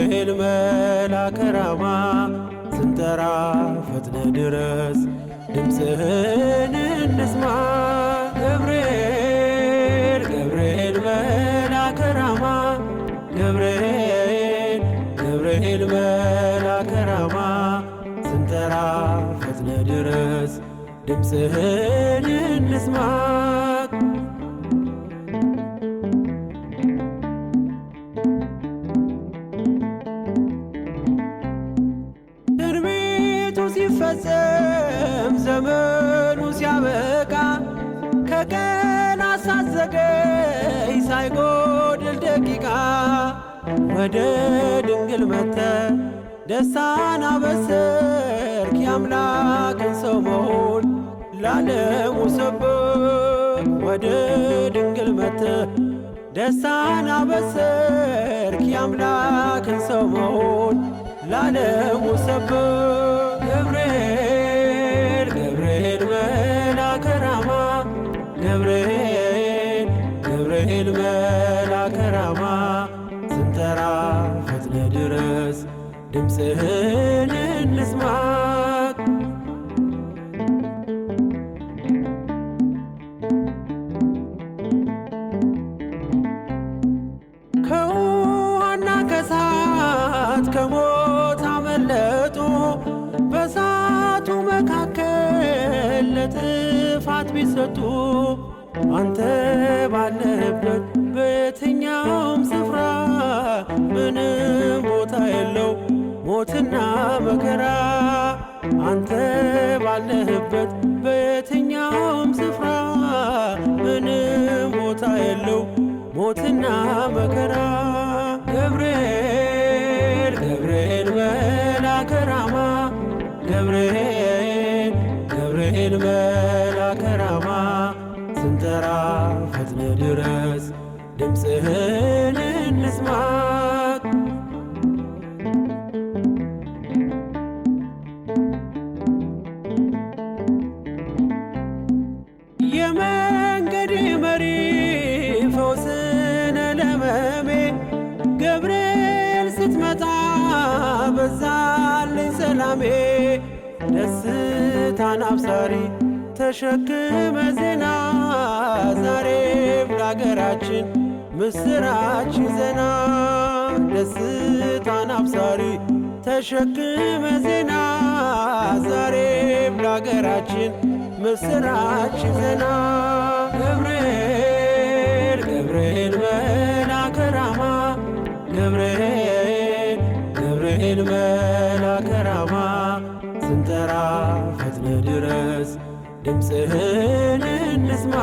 ገብርኤል መልአከ ራማ ስንጠራ ፈጥነ ድረስ ድምፅህን እንስማ ገብርኤል ገብርኤል መልአከ ራማ ገብርኤል ገብርኤል መልአከ ራማ ስንጠራ ፈጥነ ድረስ ድምፅህን እንስማ ወደ ድንግል መተ ደስታን አበሰርክ የአምላክን ሰው መሆን ላለሙ ሰብክ ወደ ድንግል መተ ደስታን አበሰርክ የአምላክን ሰው መሆን ላለሙ ሰብክ ገብርኤል ገብርኤል መልአከ ራማ ገብርኤል ድምፅህን እንስማ ከውሃና ከሳት ከሞት አመለጡ በሳቱ መካከል ለጥፋት ቢሰጡ አንተ ባለበት በየትኛውም ስፍራ ምንም ቦታ የለው ሞትና መከራ አንተ ባለህበት በየትኛውም ስፍራ ምንም ቦታ የለው ሞትና መከራ ገብርኤል ገብርኤል መልአከ ገብርኤል ገብርኤል መላ ከራማ ስንጠራ ፈጥነ ድረስ ድምፅህን የመንገድ መሪ ፈውስነ ለመሜ ገብርኤል ስትመጣ በዛልኝ ሰላሜ ደስታን አብሳሪ ተሸክመ ዜና ዛሬም ለአገራችን ምስራች ዜና ደስታን አብሳሪ ተሸክመ ዜና ዛሬም ለአገራችን ምስራች ዜና ገብርኤል ገብርኤል መልአከ ራማ ገብርኤል ገብርኤል መልአከ ራማ ስንጠራ ፈጥነ ድረስ ድምፅህን እንስማ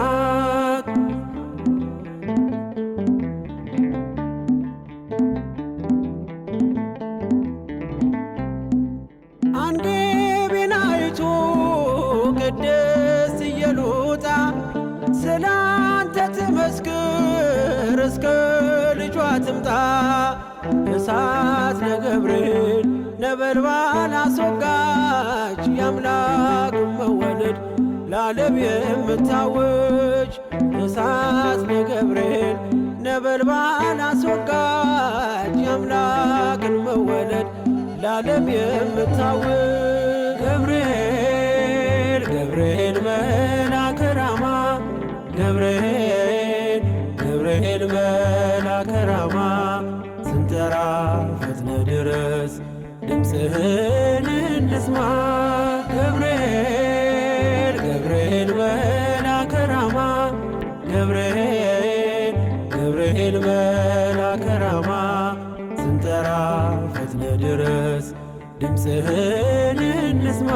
እሳት ነገብርን ነበልባል አስወጋች የአምላክ መወለድ ለዓለም የምታውጅ እሳት ነገብርን ነበልባል አስወጋች የአምላክን መወለድ ለዓለም የምታውጅ ተራራ ፈጥነ ድረስ ድምፅህን እንስማ ገብርኤል ገብርኤል መልአከ ራማ ገብርኤል ገብርኤል መልአከ ራማ ስንጠራ ፈጥነ ድረስ ድምፅህን እንስማ